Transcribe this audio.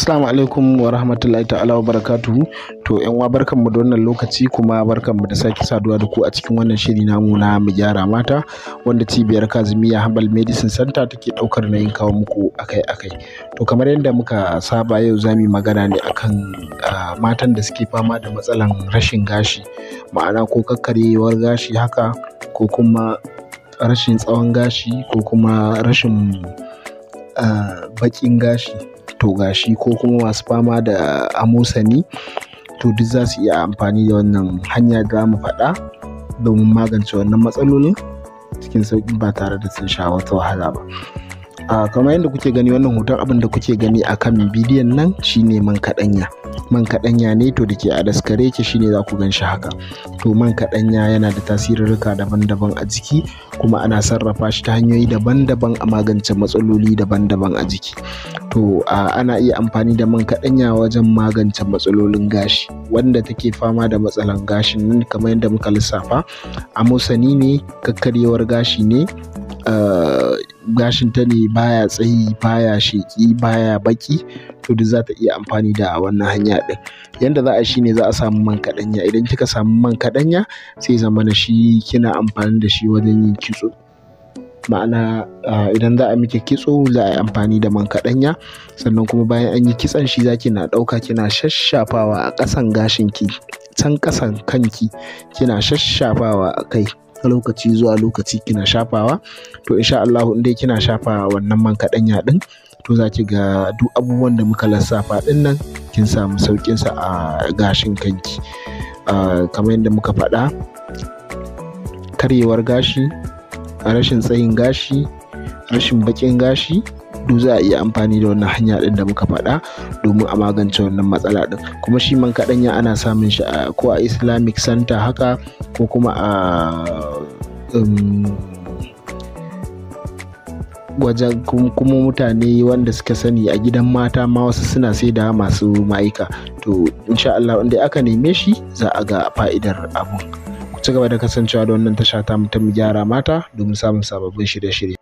Assalamu alaikum wa rahmatullahi ta'ala wa barakatu. To yan uwa barkanmu da wannan lokaci kuma barkanmu da sake saduwa da ku a cikin wannan shiri namu na mu gyara mata wanda cibiyar Kazimiya Herbal Medicine Center take daukar yin kawo muku akai-akai. To kamar yadda muka saba yau zamu mu magana ne akan kan matan da suke fama da matsalan rashin gashi ma'ana ko kakkarewar gashi haka ko kuma rashin tsawon gashi ko kuma rashin baƙin gashi. to gashi ko kuma masu fama da amosani to duk za su iya amfani da wannan hanya da mu faɗa domin magance wannan matsalolin cikin sauƙi ba tare da sun sha wata wahala ba a kamar yadda kuke gani wannan hoton abin da kuke gani a kan bidiyon nan shine man kaɗanya man kaɗanya ne to da ke a daskare shi shine za ku gan shi haka to man kaɗanya yana da tasirirka daban-daban a jiki kuma ana sarrafa shi ta hanyoyi daban-daban a magance matsaloli daban-daban a jiki to ana iya amfani da man kaɗanya wajen magance matsalolin gashi wanda take fama da matsalan gashin nan kamar yadda muka lissafa amosani ne kakkaryewar gashi ne gashinta ne baya tsayi baya sheki baya baki to duk za ta iya amfani da wannan hanya din yanda za a shi ne za a samu man kaɗanya idan kika samu man kaɗanya sai zama na shi kina amfani da shi wajen yin kitso ma'ana idan za a miki kitso za a yi amfani da man kaɗanya sannan kuma bayan an yi kitson shi za na ɗauka kina shashafawa a ƙasan gashinki can ƙasan kanki kina shashafawa a kai Ka lokaci zuwa lokaci kina shafawa to insha Allah in dai kina shafa wannan man kaɗanya ɗin to za ki ga duk abubuwan da muka lissafa ɗin nan kin samu sa a gashin kanki kamar yadda muka faɗa karyewar gashi rashin tsayin gashi rashin baƙin gashi duk za a iya amfani da wannan hanya din da muka faɗa domin a magance wannan matsala din kuma shi man kaɗanya ana samun shi a ko a islamic center haka ko kuma a um, wajen kuma mutane wanda suka sani a gidan mata ma wasu suna sai da masu ma'aika to insha Allah inda aka neme shi za a ga fa'idar abun ku ci gaba da kasancewa da wannan tasha ta mutum gyara mata domin samun sababbin shirye-shirye